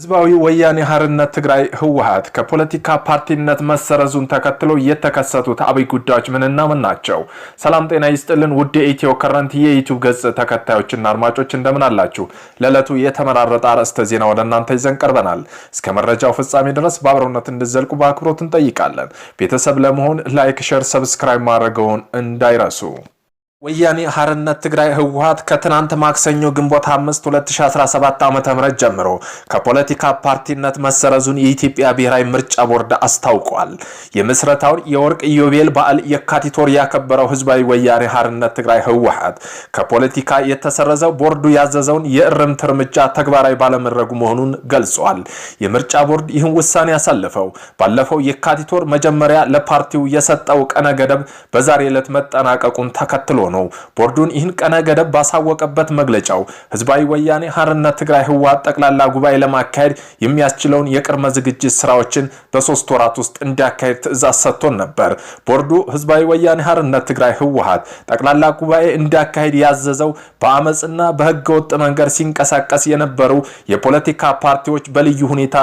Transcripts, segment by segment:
ህዝባዊ ወያኔ ሀርነት ትግራይ ህወሀት ከፖለቲካ ፓርቲነት መሰረዙን ተከትሎ የተከሰቱት አብይ ጉዳዮች ምንና ምን ናቸው? ሰላም ጤና ይስጥልን ውድ የኢትዮ ከረንት የዩቱብ ገጽ ተከታዮችና አድማጮች እንደምን አላችሁ? ለዕለቱ የተመራረጠ አርዕስተ ዜና ወደ እናንተ ይዘን ቀርበናል። እስከ መረጃው ፍጻሜ ድረስ በአብረውነት እንዲዘልቁ በአክብሮት እንጠይቃለን። ቤተሰብ ለመሆን ላይክ፣ ሸር፣ ሰብስክራይብ ማድረገውን እንዳይረሱ ወያኔ ሀርነት ትግራይ ህወሀት ከትናንት ማክሰኞ ግንቦት 5 2017 ዓ.ም ጀምሮ ከፖለቲካ ፓርቲነት መሰረዙን የኢትዮጵያ ብሔራዊ ምርጫ ቦርድ አስታውቋል። የምስረታውን የወርቅ ኢዮቤል በዓል የካቲት ወር ያከበረው ህዝባዊ ወያኔ ሀርነት ትግራይ ህወሀት ከፖለቲካ የተሰረዘው ቦርዱ ያዘዘውን የእርምት እርምጃ ተግባራዊ ባለመድረጉ መሆኑን ገልጿል። የምርጫ ቦርድ ይህን ውሳኔ ያሳለፈው ባለፈው የካቲት ወር መጀመሪያ ለፓርቲው የሰጠው ቀነ ገደብ በዛሬ ዕለት መጠናቀቁን ተከትሎ ነው። ቦርዱን ይህን ቀነ ገደብ ባሳወቀበት መግለጫው ህዝባዊ ወያኔ ሀርነት ትግራይ ህወሓት ጠቅላላ ጉባኤ ለማካሄድ የሚያስችለውን የቅድመ ዝግጅት ስራዎችን በሶስት ወራት ውስጥ እንዲያካሄድ ትእዛዝ ሰጥቶን ነበር። ቦርዱ ህዝባዊ ወያኔ ሀርነት ትግራይ ህወሓት ጠቅላላ ጉባኤ እንዲያካሄድ ያዘዘው በአመፅና በህገወጥ መንገድ ሲንቀሳቀስ የነበሩ የፖለቲካ ፓርቲዎች በልዩ ሁኔታ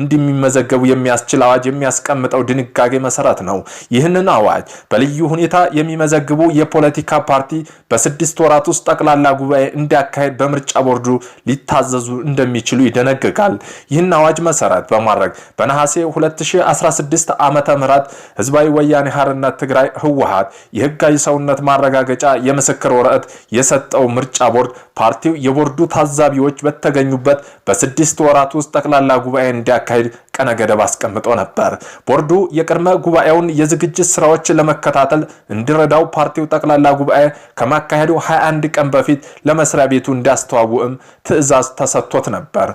እንዲሚመዘገቡ የሚያስችል አዋጅ የሚያስቀምጠው ድንጋጌ መሰረት ነው። ይህንን አዋጅ በልዩ ሁኔታ የሚመዘግቡ የፖለቲካ ፓርቲ በስድስት ወራት ውስጥ ጠቅላላ ጉባኤ እንዲያካሄድ በምርጫ ቦርዱ ሊታዘዙ እንደሚችሉ ይደነግጋል። ይህን አዋጅ መሰረት በማድረግ በነሐሴ 2016 ዓ ምህረት ህዝባዊ ወያኔ ሓርነት ትግራይ ህወሓት የህጋዊ ሰውነት ማረጋገጫ የምስክር ወረቀት የሰጠው ምርጫ ቦርድ ፓርቲው የቦርዱ ታዛቢዎች በተገኙበት በስድስት ወራት ውስጥ ጠቅላላ ጉባኤ እንዲያካሄድ ቀነ ገደብ አስቀምጦ ነበር። ቦርዱ የቅድመ ጉባኤውን የዝግጅት ስራዎች ለመከታተል እንዲረዳው ፓርቲው ጠቅላላ ጉባኤ ከማካሄዱ 21 ቀን በፊት ለመስሪያ ቤቱ እንዲያስተዋውቅም ትዕዛዝ ተሰጥቶት ነበር።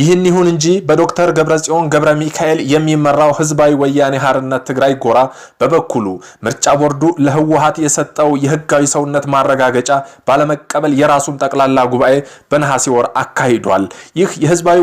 ይህን ይሁን እንጂ በዶክተር ገብረጽዮን ገብረ ሚካኤል የሚመራው ህዝባዊ ወያኔ ሀርነት ትግራይ ጎራ በበኩሉ ምርጫ ቦርዱ ለህወሀት የሰጠው የህጋዊ ሰውነት ማረጋገጫ ባለመቀበል የራሱን ጠቅላላ ጉባኤ በነሐሴ ወር አካሂዷል። ይህ የህዝባዊ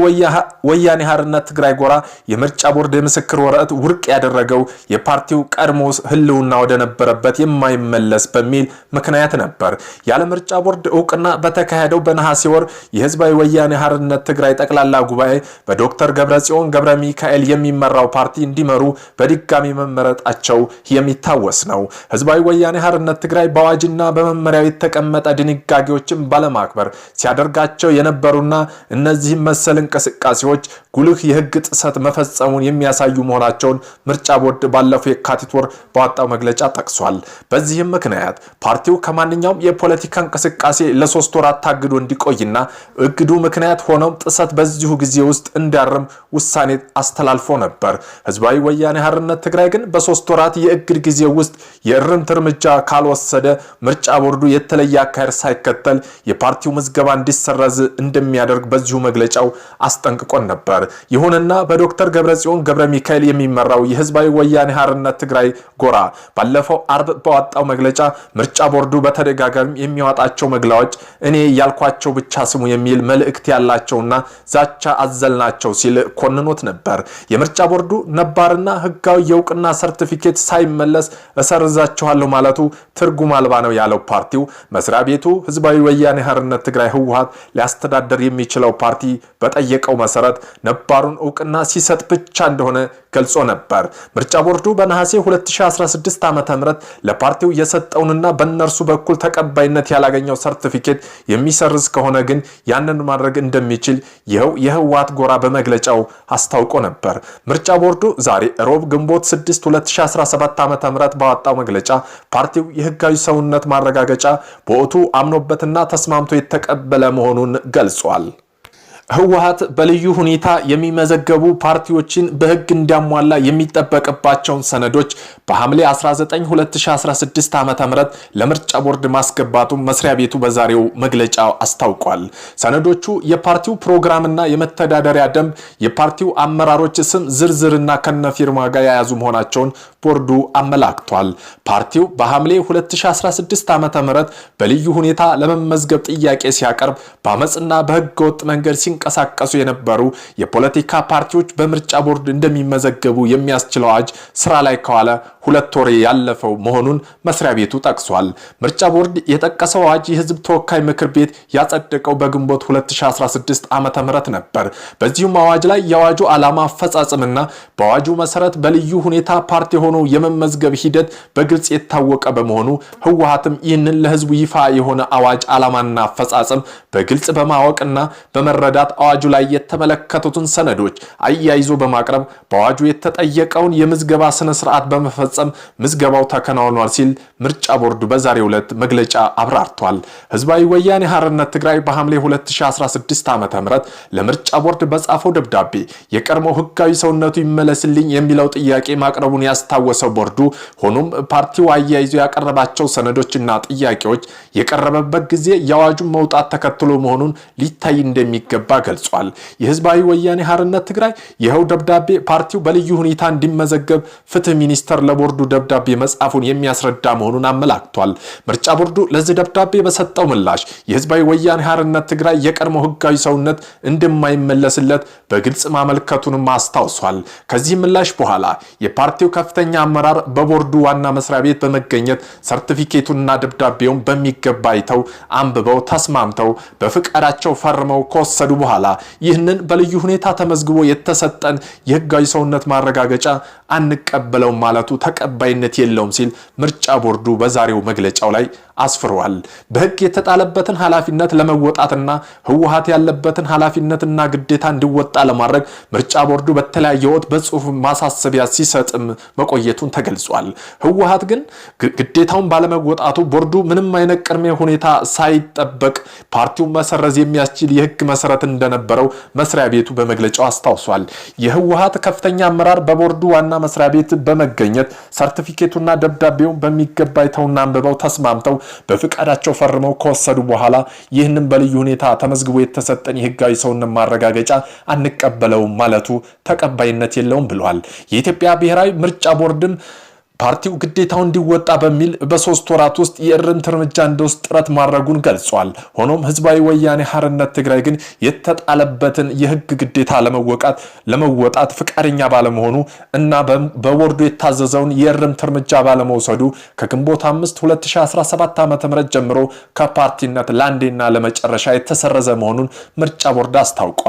ወያኔ ሀርነት ትግራይ ጎራ የምርጫ ቦርድ የምስክር ወረቀት ውድቅ ያደረገው የፓርቲው ቀድሞ ህልውና ወደነበረበት የማይመለስ በሚል ምክንያት ነበር። ያለ ምርጫ ቦርድ እውቅና በተካሄደው በነሐሴ ወር የህዝባዊ ወያኔ ሀርነት ትግራይ ጠቅላ ጠቅላላ ጉባኤ በዶክተር ገብረጽዮን ገብረ ሚካኤል የሚመራው ፓርቲ እንዲመሩ በድጋሚ መመረጣቸው የሚታወስ ነው። ህዝባዊ ወያኔ ሀርነት ትግራይ በአዋጅና በመመሪያው የተቀመጠ ድንጋጌዎችን ባለማክበር ሲያደርጋቸው የነበሩና እነዚህም መሰል እንቅስቃሴዎች ጉልህ የህግ ጥሰት መፈጸሙን የሚያሳዩ መሆናቸውን ምርጫ ቦርድ ባለፈው የካቲት ወር ባወጣው መግለጫ ጠቅሷል። በዚህም ምክንያት ፓርቲው ከማንኛውም የፖለቲካ እንቅስቃሴ ለሶስት ወራት ታግዶ እንዲቆይና እግዱ ምክንያት ሆነው ጥሰት በዚሁ ጊዜ ውስጥ እንዲያርም ውሳኔ አስተላልፎ ነበር። ህዝባዊ ወያኔ ሓርነት ትግራይ ግን በሶስት ወራት የእግድ ጊዜ ውስጥ የእርምት እርምጃ ካልወሰደ ምርጫ ቦርዱ የተለየ አካሄድ ሳይከተል የፓርቲው ምዝገባ እንዲሰረዝ እንደሚያደርግ በዚሁ መግለጫው አስጠንቅቆን ነበር። ይሁንና በዶክተር ገብረጽዮን ገብረ ሚካኤል የሚመራው የህዝባዊ ወያኔ ሓርነት ትግራይ ጎራ ባለፈው አርብ በወጣው መግለጫ ምርጫ ቦርዱ በተደጋጋሚ የሚያወጣቸው መግለጫዎች እኔ ያልኳቸው ብቻ ስሙ የሚል መልእክት ያላቸውና ዛቻ አዘል ናቸው ሲል ኮንኖት ነበር። የምርጫ ቦርዱ ነባርና ህጋዊ የእውቅና ሰርቲፊኬት ሳይመለስ እሰርዛቸዋለሁ ማለቱ ትርጉም አልባ ነው ያለው ፓርቲው መስሪያ ቤቱ ህዝባዊ ወያኔ ሓርነት ትግራይ ህወሀት ሊያስተዳደር የሚችለው ፓርቲ በጠየቀው መሰረት ነባሩን እውቅና ሲሰጥ ብቻ እንደሆነ ገልጾ ነበር። ምርጫ ቦርዱ በነሐሴ 2016 ዓ ም ለፓርቲው የሰጠውንና በእነርሱ በኩል ተቀባይነት ያላገኘው ሰርቲፊኬት የሚሰርዝ ከሆነ ግን ያንን ማድረግ እንደሚችል ይኸው የህወሓት ጎራ በመግለጫው አስታውቆ ነበር። ምርጫ ቦርዱ ዛሬ ሮብ ግንቦት 6 2017 ዓ ም ባወጣው መግለጫ ፓርቲው የህጋዊ ሰውነት ማረጋገጫ በወቅቱ አምኖበትና ተስማምቶ የተቀበለ መሆኑን ገልጿል። ህወሀት በልዩ ሁኔታ የሚመዘገቡ ፓርቲዎችን በህግ እንዲያሟላ የሚጠበቅባቸውን ሰነዶች በሐምሌ 19 2016 ዓ ም ለምርጫ ቦርድ ማስገባቱ መስሪያ ቤቱ በዛሬው መግለጫ አስታውቋል። ሰነዶቹ የፓርቲው ፕሮግራምና የመተዳደሪያ ደንብ፣ የፓርቲው አመራሮች ስም ዝርዝርና ከነፊርማ ጋር የያዙ መሆናቸውን ቦርዱ አመላክቷል። ፓርቲው በሐምሌ 2016 ዓ ም በልዩ ሁኔታ ለመመዝገብ ጥያቄ ሲያቀርብ በአመፅና በህገወጥ መንገድ ሲ ሲንቀሳቀሱ የነበሩ የፖለቲካ ፓርቲዎች በምርጫ ቦርድ እንደሚመዘገቡ የሚያስችል አዋጅ ስራ ላይ ከዋለ ሁለት ወር ያለፈው መሆኑን መስሪያ ቤቱ ጠቅሷል። ምርጫ ቦርድ የጠቀሰው አዋጅ የህዝብ ተወካይ ምክር ቤት ያጸደቀው በግንቦት 2016 ዓ ም ነበር። በዚሁም አዋጅ ላይ የአዋጁ ዓላማ አፈጻጽምና በአዋጁ መሰረት በልዩ ሁኔታ ፓርቲ ሆኖ የመመዝገብ ሂደት በግልጽ የታወቀ በመሆኑ ህወሀትም ይህንን ለህዝቡ ይፋ የሆነ አዋጅ ዓላማና አፈጻጽም በግልጽ በማወቅና በመረዳት ማንሳት አዋጁ ላይ የተመለከቱትን ሰነዶች አያይዞ በማቅረብ በአዋጁ የተጠየቀውን የምዝገባ ስነ ስርዓት በመፈጸም ምዝገባው ተከናውኗል ሲል ምርጫ ቦርዱ በዛሬ ዕለት መግለጫ አብራርቷል። ህዝባዊ ወያኔ ሐርነት ትግራይ በሐምሌ 2016 ዓ ም ለምርጫ ቦርድ በጻፈው ደብዳቤ የቀድሞው ህጋዊ ሰውነቱ ይመለስልኝ የሚለው ጥያቄ ማቅረቡን ያስታወሰው ቦርዱ ሆኖም ፓርቲው አያይዞ ያቀረባቸው ሰነዶችና ጥያቄዎች የቀረበበት ጊዜ የአዋጁን መውጣት ተከትሎ መሆኑን ሊታይ እንደሚገባ ገልጿል። የህዝባዊ ወያኔ ሀርነት ትግራይ ይኸው ደብዳቤ ፓርቲው በልዩ ሁኔታ እንዲመዘገብ ፍትህ ሚኒስተር ለቦርዱ ደብዳቤ መጻፉን የሚያስረዳ መሆኑን አመላክቷል። ምርጫ ቦርዱ ለዚህ ደብዳቤ በሰጠው ምላሽ የህዝባዊ ወያኔ ሀርነት ትግራይ የቀድሞ ህጋዊ ሰውነት እንደማይመለስለት በግልጽ ማመልከቱንም አስታውሷል። ከዚህ ምላሽ በኋላ የፓርቲው ከፍተኛ አመራር በቦርዱ ዋና መስሪያ ቤት በመገኘት ሰርቲፊኬቱንና ደብዳቤውን በሚገባ አይተው አንብበው ተስማምተው በፍቃዳቸው ፈርመው ከወሰዱ በኋላ በኋላ ይህንን በልዩ ሁኔታ ተመዝግቦ የተሰጠን የህጋዊ ሰውነት ማረጋገጫ አንቀበለውም ማለቱ ተቀባይነት የለውም ሲል ምርጫ ቦርዱ በዛሬው መግለጫው ላይ አስፍሯል። በህግ የተጣለበትን ኃላፊነት ለመወጣትና ህወሀት ያለበትን ኃላፊነትና ግዴታ እንዲወጣ ለማድረግ ምርጫ ቦርዱ በተለያየ ወቅት በጽሁፍ ማሳሰቢያ ሲሰጥም መቆየቱን ተገልጿል። ህወሀት ግን ግዴታውን ባለመወጣቱ ቦርዱ ምንም አይነት ቅድመ ሁኔታ ሳይጠበቅ ፓርቲውን መሰረዝ የሚያስችል የህግ መሰረት እንደነበረው መስሪያ ቤቱ በመግለጫው አስታውሷል። የህወሀት ከፍተኛ አመራር በቦርዱ ዋና መስሪያ ቤት በመገኘት ሰርቲፊኬቱና ደብዳቤውን በሚገባ አይተውና አንብበው ተስማምተው በፍቃዳቸው ፈርመው ከወሰዱ በኋላ ይህንን በልዩ ሁኔታ ተመዝግቦ የተሰጠን የህጋዊ ሰውነት ማረጋገጫ አንቀበለውም ማለቱ ተቀባይነት የለውም ብለዋል። የኢትዮጵያ ብሔራዊ ምርጫ ቦርድም ፓርቲው ግዴታው እንዲወጣ በሚል በሶስት ወራት ውስጥ የእርምት እርምጃ እንደውስጥ ጥረት ማድረጉን ገልጿል። ሆኖም ህዝባዊ ወያኔ ሀርነት ትግራይ ግን የተጣለበትን የህግ ግዴታ ለመወቃት ለመወጣት ፍቃደኛ ባለመሆኑ እና በቦርዱ የታዘዘውን የእርምት እርምጃ ባለመውሰዱ ከግንቦት 5 2017 ዓ ም ጀምሮ ከፓርቲነት ለአንዴና ለመጨረሻ የተሰረዘ መሆኑን ምርጫ ቦርድ አስታውቋል።